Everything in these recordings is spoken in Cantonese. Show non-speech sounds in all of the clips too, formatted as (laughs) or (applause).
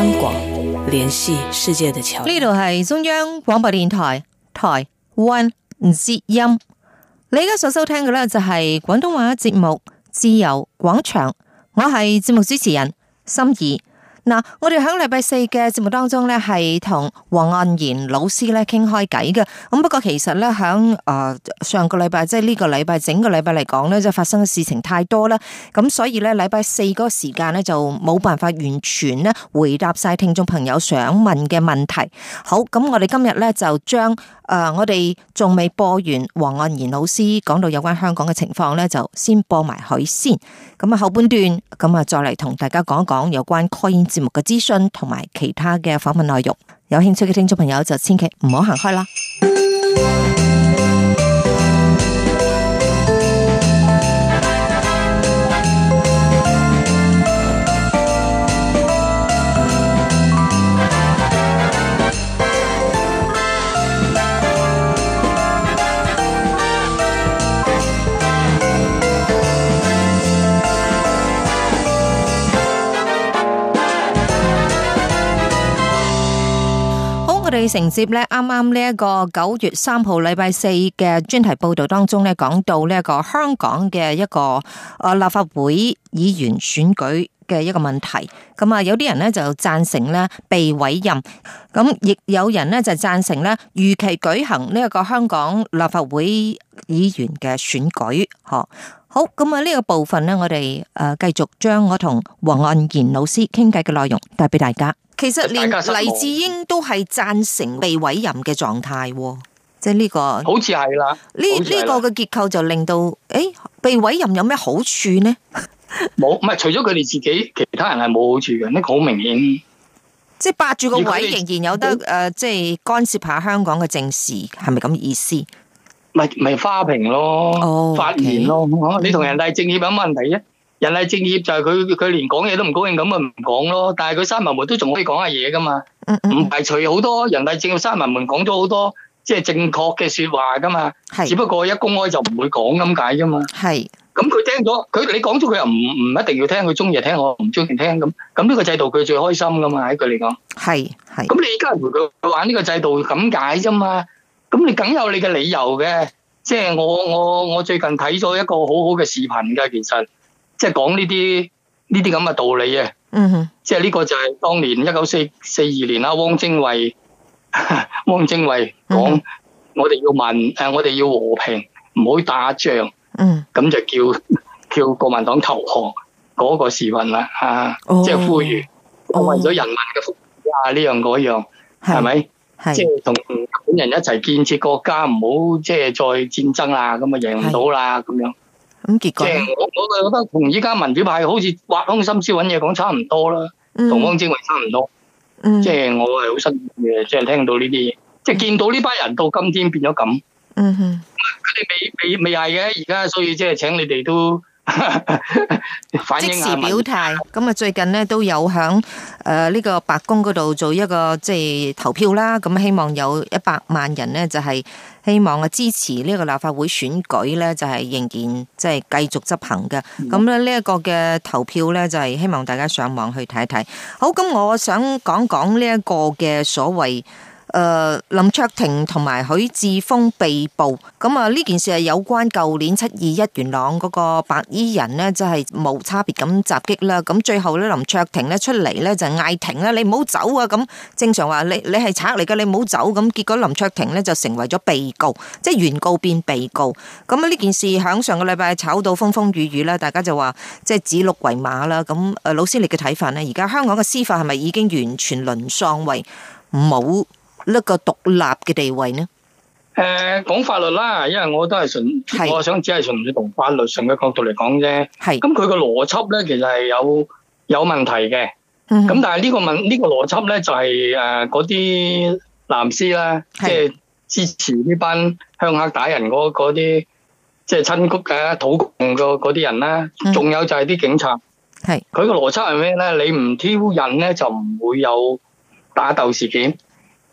香港聯繫世界的橋，呢度係中央廣播電台台灣之音。你而家所收聽嘅呢，就係廣東話節目《自由廣場》，我係節目主持人心怡。嗱，我哋響禮拜四嘅節目當中咧，係同王岸然老師咧傾開偈嘅。咁不過其實咧，響誒上個禮拜即係呢個禮拜整個禮拜嚟講咧，即係發生嘅事情太多啦。咁所以咧，禮拜四嗰個時間咧就冇辦法完全咧回答晒聽眾朋友想問嘅問題。好，咁我哋今日咧就將誒、呃、我哋仲未播完王岸然老師講到有關香港嘅情況咧，就先播埋佢先。咁啊後半段，咁啊再嚟同大家講一講有關節目嘅資訊同埋其他嘅訪問內容，有興趣嘅聽眾朋友就千祈唔好行開啦。我哋承接咧，啱啱，呢一個九月三號禮拜四嘅專題報道當中咧，講到呢一個香港嘅一個誒立法會議員選舉嘅一個問題。咁啊，有啲人咧，就贊成咧被委任，咁亦有人咧就贊成咧如期舉行呢一個香港立法會議員嘅選舉。嗬，好，咁啊呢個部分咧，我哋誒繼續將我同王岸然老師傾偈嘅內容帶俾大家。其實連黎智英都係讚成被委任嘅狀態，即係呢個好似係啦。呢呢這個嘅結構就令到誒、欸，被委任有咩好處呢？冇， (laughs) 唔係除咗佢哋自己，其他人係冇好處嘅。呢個好明顯，即係霸住個位，仍然有得誒，即係、啊就是、干涉下香港嘅政事，係咪咁意思？咪咪花瓶咯，哦 okay、發言咯，你同人大政協有乜問題啫？人哋正業就係佢佢連講嘢都唔高興咁咪唔講咯，但係佢閂埋門都仲可以講下嘢噶嘛，唔排除好多人哋正業閂埋門講咗好多即係正確嘅說話噶嘛，只不過一公開就唔會講咁解啫嘛。係，咁佢聽咗佢你講咗佢又唔唔一定要聽，佢中意聽我唔中意聽咁，咁呢個制度佢最開心噶嘛？喺佢嚟講，係係，咁你依家同佢玩呢個制度咁解啫嘛？咁你梗有你嘅理由嘅，即係我我我最近睇咗一個好好嘅視頻嘅，其實。即係講呢啲呢啲咁嘅道理啊！即係呢個就係當年一九四四二年啦，汪精衛汪精衛講，我哋要民誒，我哋要和平，唔好打仗。咁就叫叫國民黨投降嗰個時運啦吓，即係呼籲我為咗人民嘅福祉啊呢樣嗰樣係咪？即係同日本人一齊建設國家，唔好即係再戰爭啦，咁啊贏唔到啦咁樣。咁結果我，我覺得同依家民主派好似挖空心思揾嘢講差唔多啦，同汪精衛差唔多。嗯，即係我係好失望嘅，即係聽到呢啲嘢，即係見到呢班人到今天變咗咁。嗯哼，佢哋未未未係嘅，而家所以即係請你哋都。 (laughs) 反即時表態，咁啊最近呢，都有響誒呢個白宮嗰度做一個即係投票啦，咁希望有一百萬人呢，就係希望啊支持呢個立法會選舉呢，就係仍然即係繼續執行嘅，咁咧呢一個嘅投票呢，就係希望大家上網去睇一睇。好，咁我想講講呢一個嘅所謂。誒、呃，林卓廷同埋許智峰被捕咁、嗯、啊！呢件事係有關舊年七二一元朗嗰個白衣人呢，就係、是、冇差別咁襲擊啦。咁、嗯、最後咧，林卓廷出呢出嚟咧就嗌停啦，你唔好走啊！咁、嗯、正常話你你係賊嚟嘅，你唔好走。咁、嗯、結果林卓廷呢就成為咗被告，即係原告變被告。咁、嗯、啊，呢件事響上個禮拜炒到風風雨雨啦。大家就話即係指鹿為馬啦。咁、嗯、誒、啊，老師你嘅睇法呢？而家香港嘅司法係咪已經完全淪喪為冇？呢個獨立嘅地位呢？誒，講法律啦，因為我都係從，係我想只係從從法律上嘅角度嚟講啫。係咁，佢個邏輯咧，其實係有有問題嘅。咁但係呢個問呢個邏輯咧，就係誒嗰啲藍絲啦，即係支持呢班鄉下打人嗰嗰啲，即係親谷嘅土共嘅嗰啲人啦。仲有就係啲警察。係佢個邏輯係咩咧？你唔挑釁咧，就唔會有打鬥事件。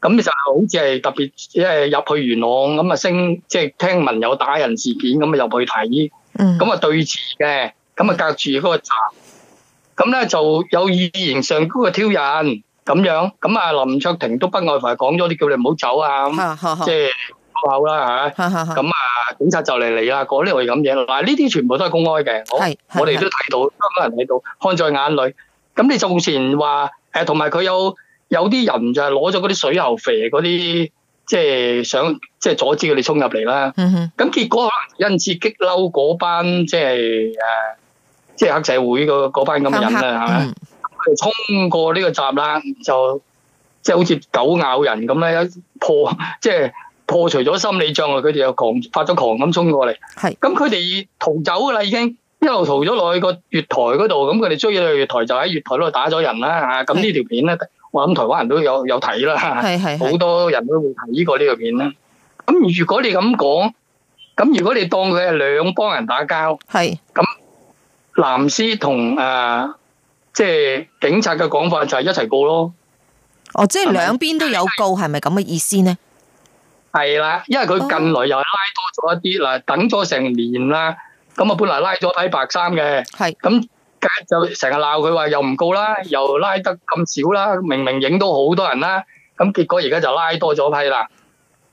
咁就係好似係特別，因為入去元朗咁啊，升即係聽聞有打人事件咁啊，入去睇，咁啊對峙嘅，咁啊隔住嗰個站，咁咧就有異型上高嘅挑釁咁樣，咁啊林卓廷都不外乎講咗啲，叫你唔好走啊，即係粗口啦嚇，咁啊警察就嚟嚟啦，嗰啲係咁樣，嗱呢啲全部都係公開嘅，我我哋都睇到，多人睇到，看在眼裏。咁你仲前話誒，同埋佢有。有啲人就係攞咗嗰啲水牛肥，嗰啲即係想即係、就是、阻止佢哋衝入嚟啦。咁、mm hmm. 結果啊，因此激嬲嗰班即係誒，即、就、係、是啊就是、黑社會嗰班咁人啦，係咪、mm？佢、hmm. 哋、啊、衝過呢個閘啦，就即係好似狗咬人咁咧，破即係、就是、破除咗心理障礙，佢哋又狂發咗狂咁衝過嚟。係咁、mm，佢、hmm. 哋逃走噶啦，已經一路逃咗落去個月台嗰度，咁佢哋追咗去月台就喺月台度打咗人啦。啊，咁呢條片咧。Mm hmm. 我諗台灣人都有有睇啦，好多人都會睇過呢個呢個片啦。咁如果你咁講，咁如果你當佢係兩幫人打交，係咁藍絲同誒即係警察嘅講法就係一齊告咯。哦，即係兩邊都有告，係咪咁嘅意思呢？係啦，因為佢近來又拉多咗一啲嗱，等咗成年啦，咁啊本嚟拉咗啲白衫嘅，係咁。就成日鬧佢話又唔告啦，又拉得咁少啦，明明影到好多人啦，咁結果而家就拉多咗批啦。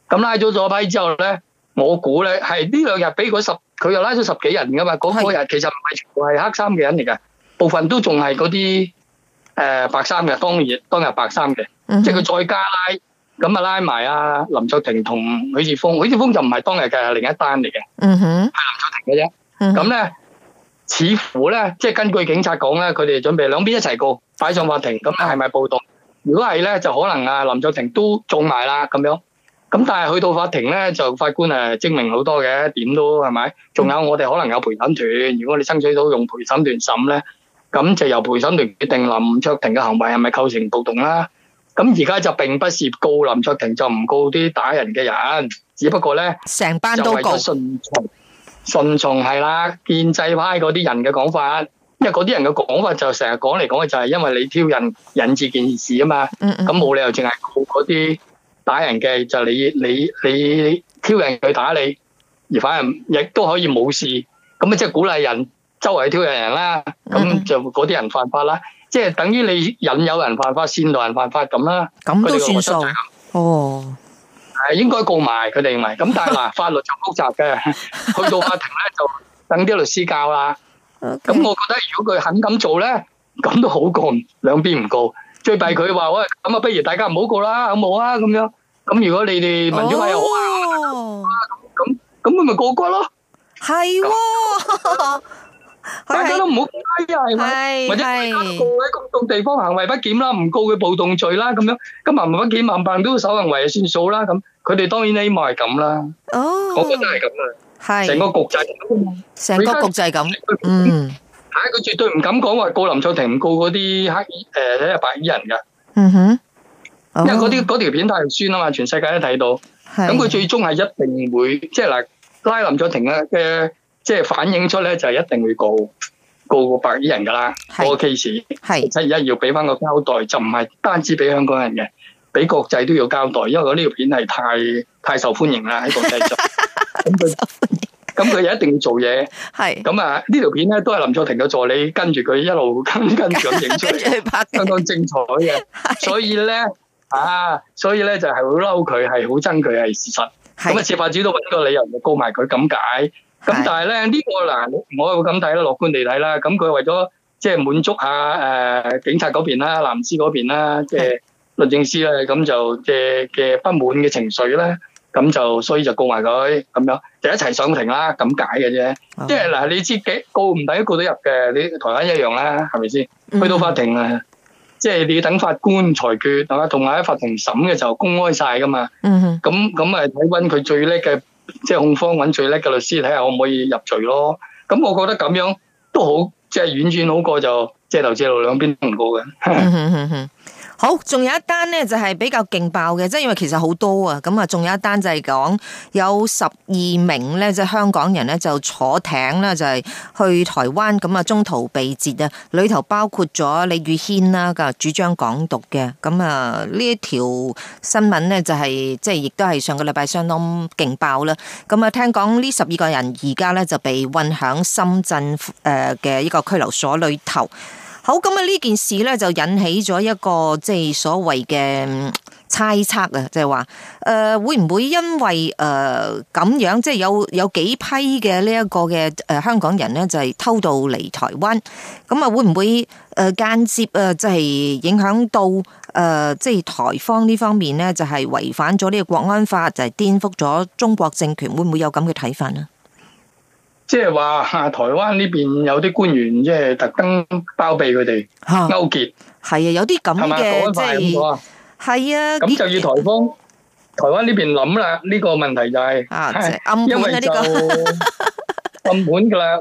咁拉咗咗批之後咧，我估咧係呢兩日俾佢十，佢又拉咗十幾人噶嘛。嗰嗰日其實唔係全部係黑衫嘅人嚟嘅，部分都仲係嗰啲誒白衫嘅。當日當日白衫嘅，即係佢再加拉，咁啊拉埋阿林卓廷同許智峰。許智峰就唔係當日嘅，另一單嚟嘅，係林卓廷嘅啫。咁咧。似乎咧，即係根據警察講咧，佢哋準備兩邊一齊告，擺上法庭。咁係咪暴動？如果係咧，就可能啊林卓廷都中埋啦咁樣。咁但係去到法庭咧，就法官誒證明好多嘅點都係咪？仲有我哋可能有陪審團，如果你哋爭取到用陪審團審咧，咁就由陪審團決定林卓廷嘅行為係咪構成暴動啦。咁而家就並不是告林卓廷，就唔告啲打人嘅人，只不過咧成班都告，順從係啦，建制派嗰啲人嘅講法，因為嗰啲人嘅講法就成日講嚟講去就係因為你挑釁引致件事啊嘛，咁冇理由淨係嗰啲打人嘅，就你你你挑釁佢打你，而反而亦都可以冇事，咁啊即係鼓勵人周圍挑釁人啦，咁就嗰啲人犯法啦，即係等於你引誘人犯法，煽動人犯法咁啦，咁都算數哦。係應該告埋，佢哋認為。咁但係話法律就複雜嘅，去到法庭咧就等啲律師教啦。咁我覺得如果佢肯咁做咧，咁都好過，兩邊唔告，最弊佢話喂，咁啊不如大家唔好告啦，好冇啊？咁樣，咁如果你哋民主派又好，咁咁佢咪過骨咯？係。大家都唔好拉人，或者告喺公眾地方行為不檢啦，唔告佢暴動罪啦，咁樣咁行不檢、行辦都守行為算數啦，咁佢哋當然呢幕係咁啦。哦，我覺得係咁啊，係成個局仔，成個局仔咁。嗯，吓佢絕對唔敢講話告林卓廷，唔告嗰啲黑誒，啲白衣人噶。嗯哼，因為嗰啲嗰條片太酸啊嘛，全世界都睇到。係。咁佢最終係一定會，即係嗱，拉林卓廷嘅。即係反映出咧，就係一定會告告個白衣人噶啦，個 case 即係而家要俾翻個交代，就唔係單止俾香港人嘅，俾國際都要交代，因為佢呢條片係太太受歡迎啦喺國際度，咁佢咁佢又一定要做嘢，係咁啊，呢條片咧都係林卓廷嘅助理跟住佢一路跟跟住咁影出嚟，相當精彩嘅，所以咧啊，所以咧就係會嬲佢，係好憎佢係事實，咁啊司法主都揾個理由去告埋佢咁解。咁但係咧呢個嗱，我會咁睇啦，樂觀地睇啦。咁佢為咗即係滿足下誒警察嗰邊啦、藍絲嗰邊啦，即係律政司咧，咁就嘅嘅不滿嘅情緒咧，咁就所以就告埋佢咁樣，就一齊上庭啦，咁解嘅啫。即係嗱，你知嘅告唔抵都告得入嘅，你台灣一樣啦，係咪先？去到法庭啊，即係你要等法官裁決啊嘛，同埋喺法庭審嘅時候公開曬噶嘛。嗯哼。咁咁誒睇揾佢最叻嘅。即係控方揾最叻嘅律師睇下可唔可以入罪咯，咁、嗯、我覺得咁樣都好，即係婉轉好過就借頭借路兩邊都唔過嘅。 (laughs) (laughs) 好，仲有一單呢就係比較勁爆嘅，即係因為其實好多啊，咁啊，仲有一單就係講有十二名呢，即係香港人呢，就坐艇啦，就係去台灣，咁啊中途被截啊，裏頭包括咗李宇軒啦，噶主張港獨嘅，咁啊呢一條新聞呢，就係即係亦都係上個禮拜相當勁爆啦，咁啊聽講呢十二個人而家呢，就被運響深圳誒嘅一個拘留所裏頭。好，咁啊！呢件事咧就引起咗一個即係所謂嘅猜測啊，即係話誒會唔會因為誒呃咁樣，即係有有幾批嘅呢一個嘅誒香港人咧就係偷渡嚟台灣，咁啊會唔會誒間接啊？即係影響到誒即係台方呢方面咧就係違反咗呢個國安法，就係顛覆咗中國政權，會唔會有咁嘅睇法咧？即係話，台灣呢邊有啲官員即係特登包庇佢哋勾結，係啊，有啲咁嘅即係係啊，咁就要台灣。台灣呢邊諗啦，呢個問題就係暗門嘅呢個暗門噶啦。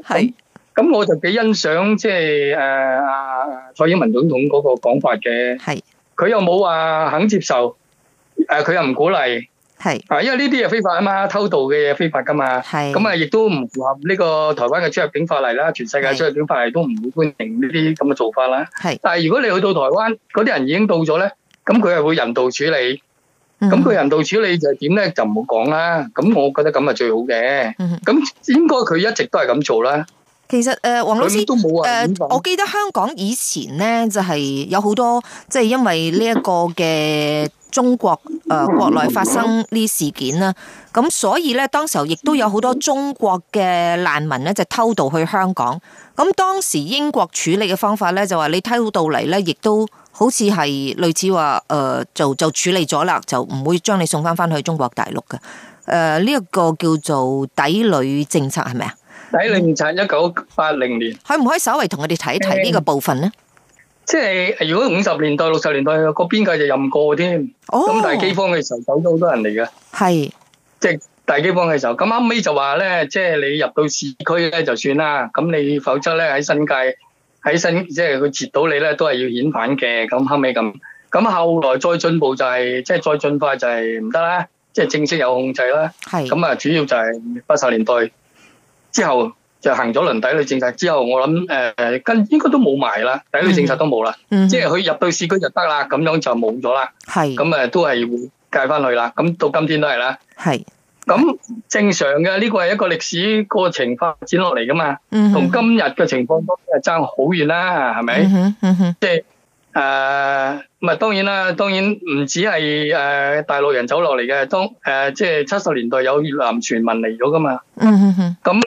咁我就幾欣賞即係誒，蔡英文總統嗰個講法嘅。係佢又冇話肯接受，誒，佢又唔鼓勵。係，啊，因為呢啲係非法啊嘛，偷渡嘅嘢非法噶嘛，係，咁啊，亦都唔符合呢個台灣嘅出入境法例啦，全世界出入境法例都唔會歡迎呢啲咁嘅做法啦。係，但係如果你去到台灣，嗰啲人已經到咗咧，咁佢係會人道處理，咁佢人道處理就係點咧就唔好講啦。咁我覺得咁係最好嘅，咁應該佢一直都係咁做啦。其實誒，黃老師誒，都啊呃、我記得香港以前咧，就係、是、有好多即係、就是、因為呢一個嘅中國誒、呃、國內發生呢事件啦，咁所以咧，當時候亦都有好多中國嘅難民咧，就是、偷渡去香港。咁當時英國處理嘅方法咧，就話你偷到嚟咧，亦都好似係類似話誒、呃，就就處理咗啦，就唔會將你送翻翻去中國大陸嘅。誒、呃，呢、這、一個叫做抵壘政策係咪啊？喺凌晨一九八零年，可唔可以稍微同我哋睇一睇呢個部分咧？即係如果五十年代、六十年代個邊界就任過添，咁大饑荒嘅時候走咗好多人嚟嘅，係即係大饑荒嘅時候。咁後尾就話咧，即係你入到市區咧就算啦。咁你否則咧喺新界喺新，即係佢截到你咧都係要遣返嘅。咁後尾咁，咁後來再進步就係，即係再進化就係唔得啦，即係正式有控制啦。係咁啊，主要就係八十年代。之後就行咗輪抵壘政策，之後我諗誒，跟應該都冇埋啦，抵壘政策都冇啦，即係佢入到市區就得啦，咁樣就冇咗啦。係咁誒，都係會介翻去啦。咁到今天都係啦。係咁正常嘅，呢個係一個歷史過程發展落嚟噶嘛。嗯，同今日嘅情況都係差好遠啦，係咪？嗯哼，即係誒，咁啊，當然啦，當然唔止係誒大陸人走落嚟嘅，當誒即係七十年代有越南船民嚟咗噶嘛。嗯哼，咁。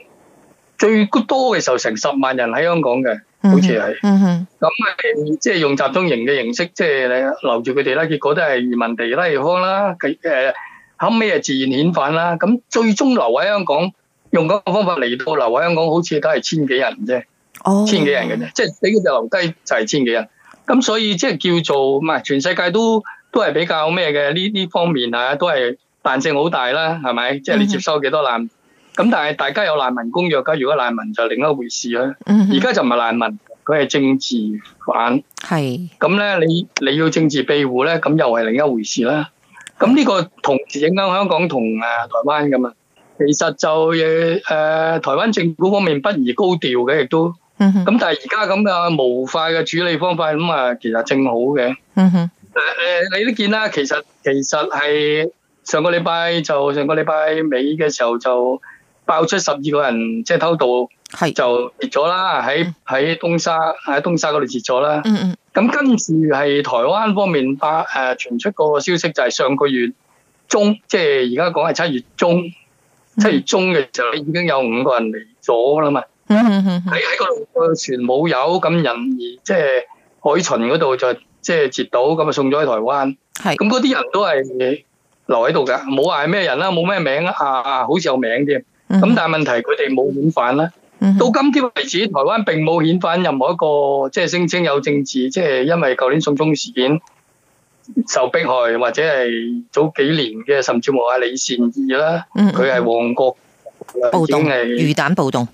最多嘅時候成十萬人喺香港嘅。好似係，咁啊即係用集中營嘅形式，即係留住佢哋啦。結果都係移民地低方啦，佢誒後尾啊自然遣返啦。咁最終留喺香港，用嗰個方法嚟到留喺香港，好似都係千幾人啫，oh. 千幾人嘅啫，即係俾佢就留低就係千幾人。咁所以即係叫做唔係全世界都都係比較咩嘅呢？呢方面啊，都係彈性好大啦，係咪？即係你接收幾多難？咁但係大家有難民公約㗎，如果難民就另一回事啦。而家就唔係難民，佢係政治犯。係咁咧，你你要政治庇護咧，咁又係另一回事啦。咁呢個同時影響香港同誒台灣咁啊，其實就誒台灣政府方面不宜高調嘅，亦都。咁但係而家咁嘅模塊嘅處理方法，咁啊，其實正好嘅。誒誒，你都見啦，其實其實係上個禮拜就上個禮拜尾嘅時候就。爆出十二個人即係偷渡，係是就截咗啦。喺喺東沙喺東沙嗰度截咗啦。嗯嗯。咁跟住係台灣方面把誒、呃、傳出個消息，就係上個月中，即係而家講係七月中，七、嗯、月中嘅時候已經有五個人嚟咗啦嘛。嗯喺喺個船冇油，咁人而即係海巡嗰度就即係截到，咁啊送咗喺台灣。係是。咁嗰啲人都係留喺度嘅，冇話係咩人啦，冇咩名啊啊，好似有名添。咁但係問題佢哋冇遣返啦，到今天為止台灣並冇遣返任何一個，即係聲稱有政治，即係因為舊年送中事件受迫害，或者係早幾年嘅，甚至乎阿李善義啦，佢係旺角暴動，魚蛋暴動，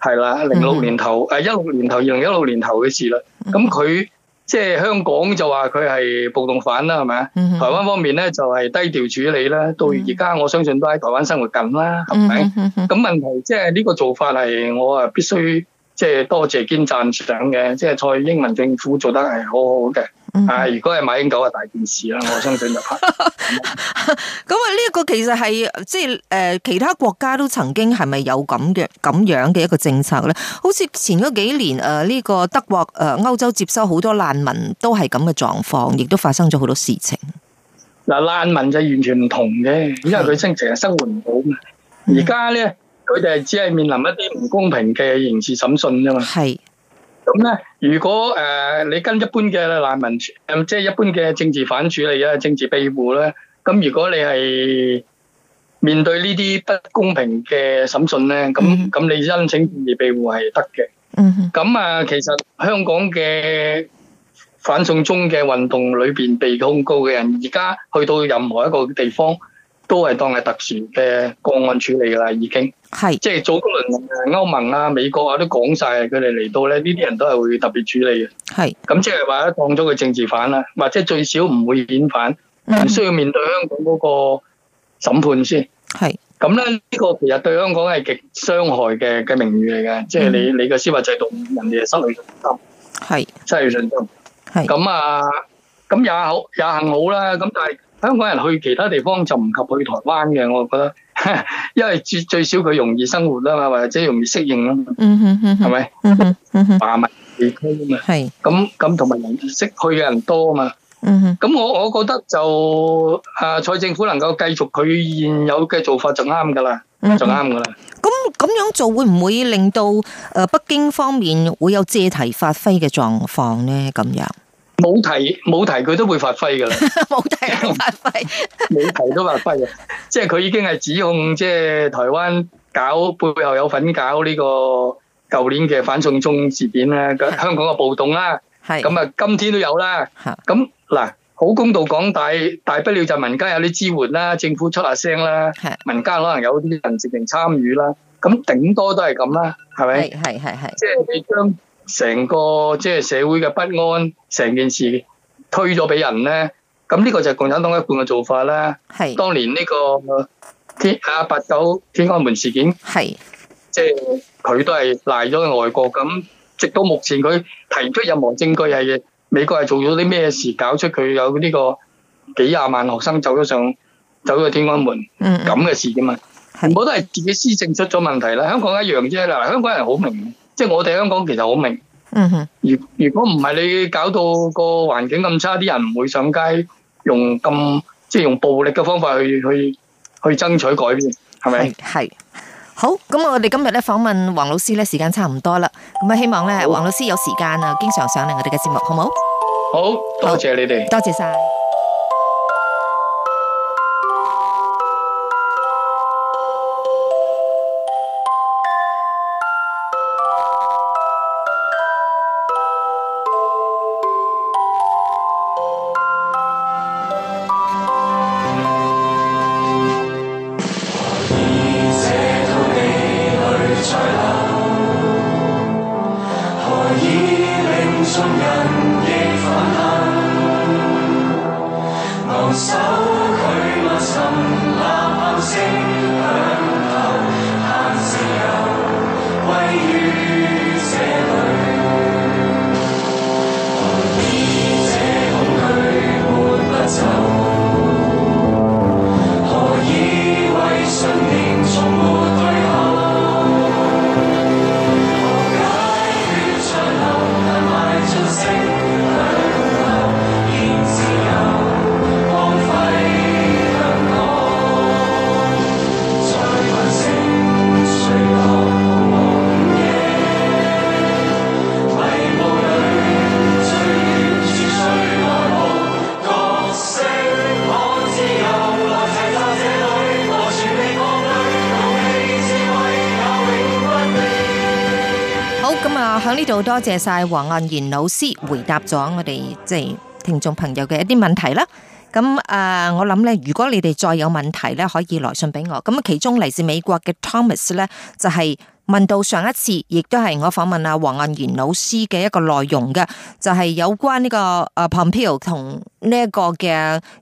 係啦，零六年頭誒一六年頭二零一六年頭嘅事啦，咁佢。即係香港就話佢係暴動犯啦，係咪啊？Mm hmm. 台灣方面咧就係、是、低調處理啦。到而家我相信都喺台灣生活緊啦，係咪？咁、mm hmm. 問題即係呢個做法係我啊必須即係、就是、多謝兼讚賞嘅，即係蔡英文政府做得係好好嘅。係，如果係馬英九啊，大件事啦，我相信就係。咁啊，呢一個其實係即係誒，其他國家都曾經係咪有咁嘅咁樣嘅一個政策咧？好似前嗰幾年誒，呢個德國誒，歐洲接收好多難民都係咁嘅狀況，亦都發生咗好多事情。嗱，難民就完全唔同嘅，因為佢生存啊，生活唔好嘛。而家咧，佢哋只係面臨一啲唔公平嘅刑事審訊啫嘛。係。咁咧，如果誒你跟一般嘅難民，誒即係一般嘅政治反處理咧、政治庇護咧，咁如果你係面對呢啲不公平嘅審訊咧，咁咁你申請政治庇護係得嘅。咁啊，其實香港嘅反送中嘅運動裏邊被控告嘅人，而家去到任何一個地方，都係當係特殊嘅個案處理噶啦，已經係即係早嗰輪歐盟啊、美國啊都講晒，佢哋嚟到咧，呢啲人都係會特別處理嘅。係咁即係話咧，當咗佢政治犯啦，或者最少唔會遣返，唔需要面對香港嗰個審判先。係咁咧，呢個其實對香港係極傷害嘅嘅名譽嚟嘅，即係你你嘅司法制度，人哋係失去信心，係失去信心。係咁啊，咁也好，也幸好啦。咁但係。香港人去其他地方就唔及去台灣嘅，我覺得，因為最最少佢容易生活吖嘛，或者容易適應吖嘛，係咪？華文地區啊嘛，係咁咁，同埋容易識去嘅人多啊嘛。咁我我覺得就誒，蔡政府能夠繼續佢現有嘅做法就啱㗎喇，就啱㗎喇。咁咁樣做會唔會令到誒北京方面會有借題發揮嘅狀況呢？咁樣？冇提冇提，佢都會發揮噶啦。冇提都發揮，冇提都發揮啊！即係佢已經係指控，即係台灣搞背後有份搞呢個舊年嘅反送中事件啦，香港嘅暴動啦，係咁啊，今天都有啦。咁嗱，好公道講，大大不了就民間有啲支援啦，政府出下聲啦，係民間可能有啲人直情參與啦，咁頂多都係咁啦，係咪？係係係，即係你將。成個即係社會嘅不安，成件事推咗俾人咧，咁呢個就係共產黨一貫嘅做法啦。係當年呢個天啊八九天安門事件，係即係佢都係賴咗去外國。咁直到目前佢提出任何證據，係嘅美國係做咗啲咩事，搞出佢有呢個幾廿萬學生走咗上走咗天安門咁嘅事嘅嘛。唔好我都係自己施政出咗問題啦。香港一樣啫。嗱，香港人好明。即係我哋香港，其實好明，嗯哼，如如果唔係你搞到個環境咁差，啲人唔會上街用咁即係用暴力嘅方法去去去爭取改變，係咪？係，好，咁我哋今日咧訪問王老師咧，時間差唔多啦，咁啊希望咧王老師有時間啊，經常上嚟我哋嘅節目，好唔好？好，多謝你哋，多謝晒。多謝晒王岸然老師回答咗我哋即係聽眾朋友嘅一啲問題啦。咁誒，我諗咧，如果你哋再有問題咧，可以來信俾我。咁其中嚟自美國嘅 Thomas 咧，就係問到上一次，亦都係我訪問阿王岸然老師嘅一個內容嘅，就係、是、有關呢個誒 Pompeo 同呢一個嘅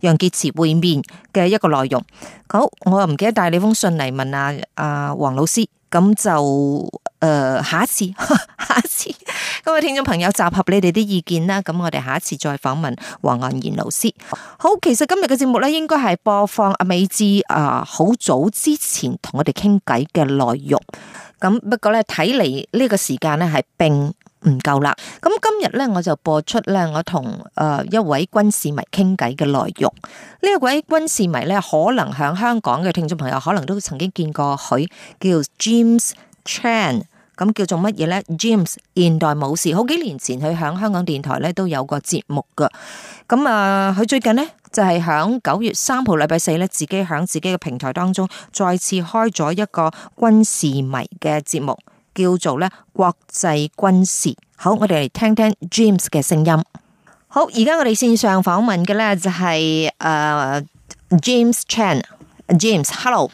楊潔篪會面嘅一個內容。好，我又唔記得帶你封信嚟問啊啊王老師。咁就誒、呃、下一次， (laughs) 下一次。各位聽眾朋友，集合你哋啲意見啦！咁我哋下一次再訪問王岸然老師。好，其實今日嘅節目咧，應該係播放阿美智啊，好早之前同我哋傾偈嘅內容。咁不過咧，睇嚟呢個時間咧係並唔夠啦。咁今日咧，我就播出咧我同誒一位軍事迷傾偈嘅內容。呢一位軍事迷咧，可能響香港嘅聽眾朋友，可能都曾經見過佢，叫 James Chan。咁叫做乜嘢咧？James 現代武士，好幾年前佢響香港電台咧都有個節目噶咁啊佢最近咧就係響九月三號禮拜四咧，自己響自己嘅平台當中，再次開咗一個軍事迷嘅節目，叫做咧國際軍事。好，我哋嚟聽聽 James 嘅聲音。好，而家我哋線上訪問嘅咧就係、是、誒、uh, James Chan，James，hello。James, hello.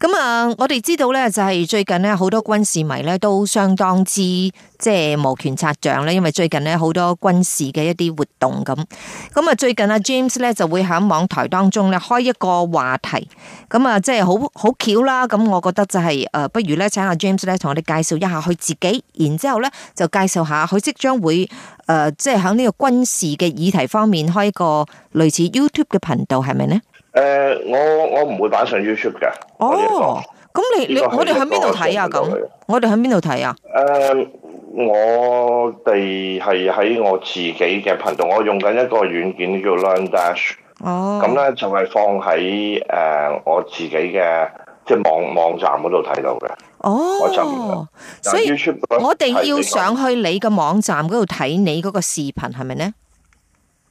咁啊，我哋知道咧，就係最近咧，好多軍事迷咧都相當之即係磨拳擦掌咧，因為最近咧好多軍事嘅一啲活動咁。咁啊，最近阿 James 咧就會喺網台當中咧開一個話題，咁啊，即係好好巧啦。咁我覺得就係誒，不如咧，請阿 James 咧同我哋介紹一下佢自己，然之後咧就介紹下佢即將會誒，即係喺呢個軍事嘅議題方面開一個類似 YouTube 嘅頻道，係咪呢？誒，我、oh, 我唔會擺上 YouTube 嘅。哦，咁你你我哋喺邊度睇啊？咁、uh, 我哋喺邊度睇啊？誒，我哋係喺我自己嘅頻道，我用緊一個軟件叫 LearnDash。哦、oh.，咁咧就係放喺誒我自己嘅即係網網站嗰度睇到嘅。哦、oh.，so, 的我所以 YouTube 我哋要上去你嘅網站嗰度睇你嗰個視頻係咪咧？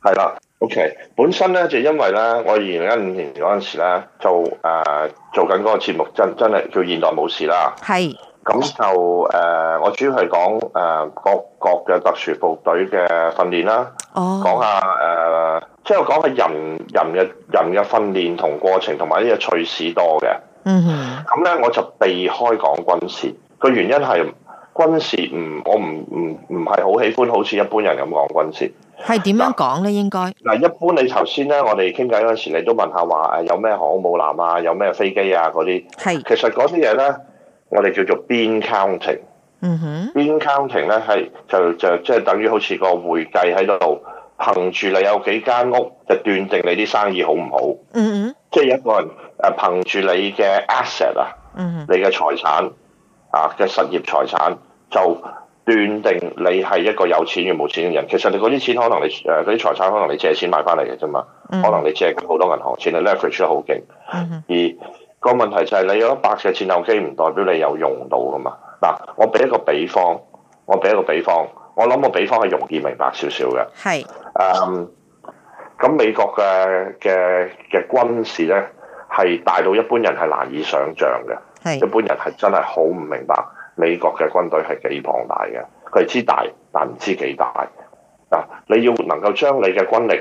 係啦。O.K. 本身咧就因為咧，我二零一五年嗰陣時咧做誒、呃、做緊嗰個節目真真係叫《現代武士》啦。係咁是就誒、呃，我主要係講誒各國嘅特殊部隊嘅訓練啦。哦、oh.，講下誒，即係講下人人嘅人嘅訓練同過程，同埋、mm hmm. 呢個趣事多嘅。嗯哼，咁咧我就避開講軍事，個原因係軍事唔我唔唔唔係好喜歡，好似一般人咁講軍事。係點樣講咧？應該嗱，一般你頭先咧，我哋傾偈嗰時，你都問下話誒，有咩航空母艦啊，有咩飛機啊嗰啲。係。是其實嗰啲嘢咧，我哋叫做 bean counting、mm。嗯、hmm. 哼。bean counting 咧，係就就即係等於好似個會計喺度憑住你有幾間屋，就斷定你啲生意好唔好。嗯、mm hmm. 即係一個人誒、mm，憑、hmm. 住你嘅 asset 啊，嗯，你嘅財產啊嘅實業財產就，斷定你係一個有錢與冇錢嘅人，其實你嗰啲錢可能你誒啲財產可能你借錢買翻嚟嘅啫嘛，mm hmm. 可能你借好多銀行錢，你 leverage 得好勁。Mm hmm. 而個問題就係、是、你有一百隻戰鬥機，唔代表你有用到噶嘛。嗱，我俾一個比方，我俾一個比方，我諗個比方係容易明白少少嘅。係是。誒，咁美國嘅嘅嘅軍事咧，係大到一般人係難以想像嘅。是一般人係真係好唔明白。美國嘅軍隊係幾龐大嘅，佢係知大但唔知幾大。嗱，你要能夠將你嘅軍力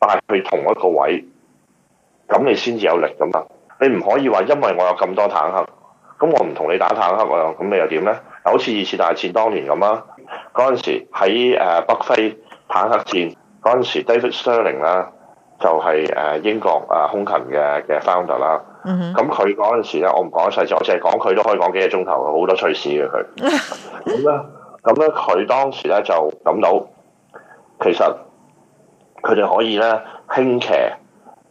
帶去同一個位，咁你先至有力咁啊！你唔可以話因為我有咁多坦克，咁我唔同你打坦克啊，咁你又點咧？好似二次大戰當年咁啦，嗰陣時喺誒北非坦克戰嗰陣時，David Sterling 啦，就係誒英國啊空勤嘅嘅 founder 啦。咁佢嗰陣時咧，我唔講得細啫，我淨係講佢都可以講幾個鐘頭，好多趣事嘅佢。咁咧，咁咧， (laughs) 佢當時咧就諗到，其實佢哋可以咧輕騎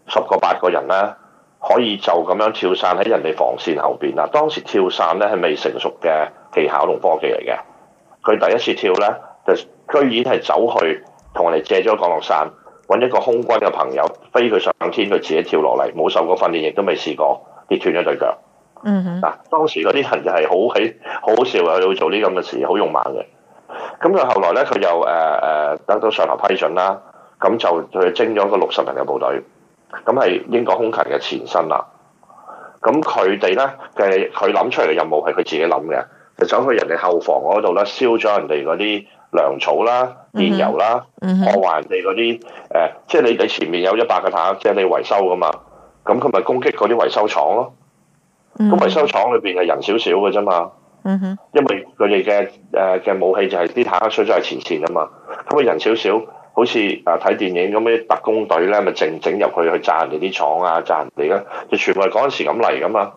十個八個人咧，可以就咁樣跳傘喺人哋防線後邊。嗱，當時跳傘咧係未成熟嘅技巧同科技嚟嘅。佢第一次跳咧，就居然係走去同人哋借咗降落傘。揾一個空軍嘅朋友飛佢上天，佢自己跳落嚟，冇受過訓練亦都未試過，跌斷咗對腳。嗱、mm，hmm. 當時嗰啲人就係好喜好笑，佢會做呢咁嘅事，好勇猛嘅。咁佢後來咧，佢又誒誒、呃、得到上頭批准啦，咁就佢徵咗個六十人嘅部隊，咁係英國空勤嘅前身啦。咁佢哋咧嘅，佢諗出嚟嘅任務係佢自己諗嘅，就走去人哋後防嗰度咧燒咗人哋嗰啲。糧草啦、燃油啦、mm，我話人哋嗰啲誒，即係你你前面有一百個坦克，即、就、係、是、你維修噶嘛，咁佢咪攻擊嗰啲維修廠咯？咁維、mm hmm. 修廠裏邊係人少少嘅啫嘛，mm hmm. 因為佢哋嘅誒嘅武器就係啲坦克出咗係前線啊嘛，咁啊人少少，好似啊睇電影咁啲特工隊咧咪靜靜入去去炸人哋啲廠啊，炸人哋咧，就全部係嗰陣時咁嚟噶嘛。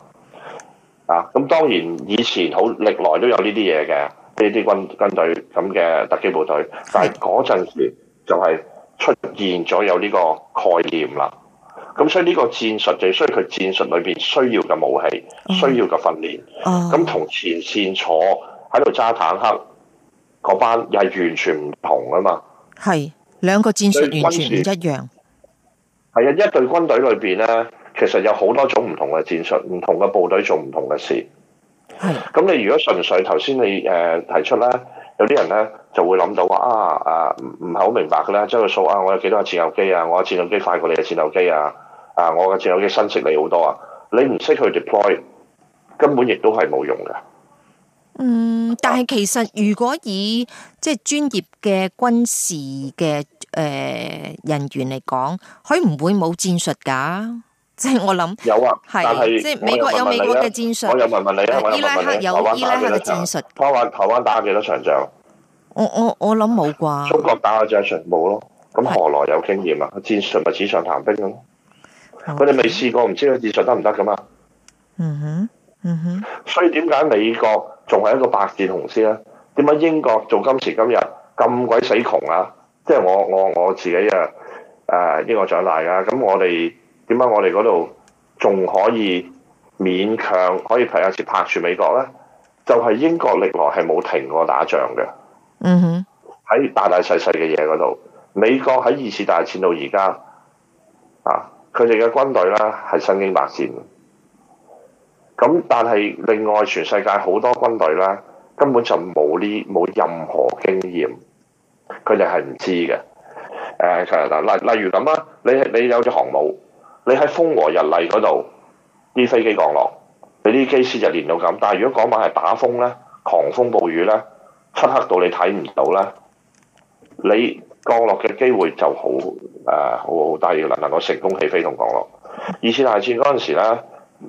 啊，咁當然以前好歷來都有呢啲嘢嘅。呢啲軍軍隊咁嘅突擊部隊，但係嗰陣時就係出現咗有呢個概念啦。咁所以呢個戰術就需要佢戰術裏邊需要嘅武器，需要嘅訓練。咁同、嗯哦、前線坐喺度揸坦克嗰班又係完全唔同啊嘛。係兩個戰術完全唔一樣。係啊，一隊軍隊裏邊咧，其實有好多種唔同嘅戰術，唔同嘅部隊做唔同嘅事。咁你如果純粹頭先你誒提出咧，有啲人咧就會諗到話啊啊，唔唔係好明白嘅咧，即係個數啊，我有幾多戰鬥機啊，我嘅戰鬥機快過你嘅戰鬥機啊，啊，我嘅戰鬥機新式你好多啊，你唔識去 deploy，根本亦都係冇用嘅。嗯，但係其實如果以即係專業嘅軍事嘅誒人員嚟講，佢唔會冇戰術㗎。即係我諗有啊，係是即係美國有，有，有美國嘅戰術，伊拉克有伊拉克嘅戰術。佢話台灣打幾多場仗？我我我諗冇啩。中國打幾多場仗冇咯？咁何來有經驗啊？戰術咪紙上談兵咯？佢哋未試過，唔知個戰術得唔得噶嘛？嗯哼，嗯哼。所以點解美國仲係一個百戰雄師咧？點解英國做今時今日咁鬼死窮啊？即、就、係、是、我我我，我自己啊誒英國長大噶，咁我哋。點解我哋嗰度仲可以勉強可以平時拍住美國呢？就係、是、英國歷來係冇停過打仗嘅。嗯哼、mm，喺、hmm。大大細細嘅嘢嗰度，美國喺二次大戰到而家啊，佢哋嘅軍隊呢係身經百戰。咁但係另外全世界好多軍隊咧根本就冇呢冇任何經驗，佢哋係唔知嘅。誒、啊、嗱，例例如咁啊，你你有隻航母。你喺風和日麗嗰度，啲飛機降落，你啲機師就連到咁。但係如果嗰晚係打風咧、狂風暴雨咧、漆黑你到你睇唔到咧，你降落嘅機會就好誒，好、呃、好低噶啦。能夠成功起飛同降落。二次大戰嗰陣時咧，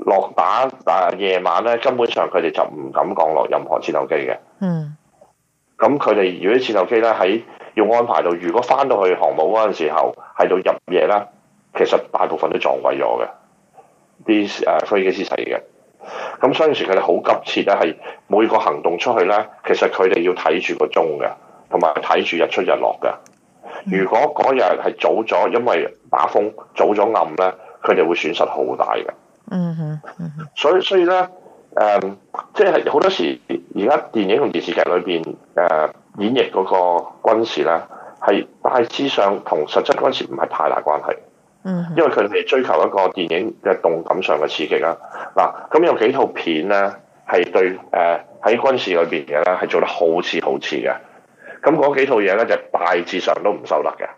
落打但夜晚咧，根本上佢哋就唔敢降落任何戰鬥機嘅。嗯。咁佢哋如果戰鬥機咧喺要安排到，如果翻到去航母嗰陣時候係到入夜啦。其實大部分都撞鬼咗嘅，啲誒飛機師死嘅，咁所以時佢哋好急切咧，係每個行動出去咧，其實佢哋要睇住個鐘嘅，同埋睇住日出日落嘅。如果嗰日係早咗，因為打風早咗暗咧，佢哋會損失好大嘅。嗯哼、mm hmm, mm hmm，所以所以咧，誒、嗯，即係好多時而家電影同電視劇裏邊誒演繹嗰個軍事咧，係大致上同實質軍事唔係太大關係。嗯，因為佢哋追求一個電影嘅動感上嘅刺激啦、啊。嗱、啊，咁有幾套片咧，係對誒喺、呃、軍事裏邊嘅咧，係做得好似好似嘅。咁嗰幾套嘢咧，就大、是、致上都唔收得嘅。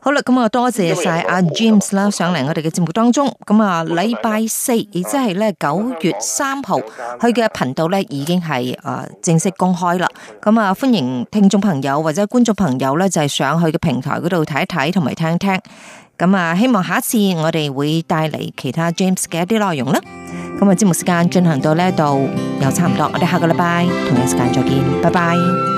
好啦，咁啊多謝晒阿、啊、James 啦，上嚟我哋嘅節目當中。咁啊，禮拜四，亦即係咧九月三號，佢嘅頻道咧已經係誒正式公開啦。咁啊，歡迎聽眾朋友或者觀眾朋友咧，就係、是、上去嘅平台嗰度睇一睇，同埋聽一聽。咁啊，希望下次我哋會帶嚟其他 James 嘅一啲內容啦。咁啊，節目時間進行到呢一度，又差唔多，我哋下個禮拜同一時間再見，拜拜。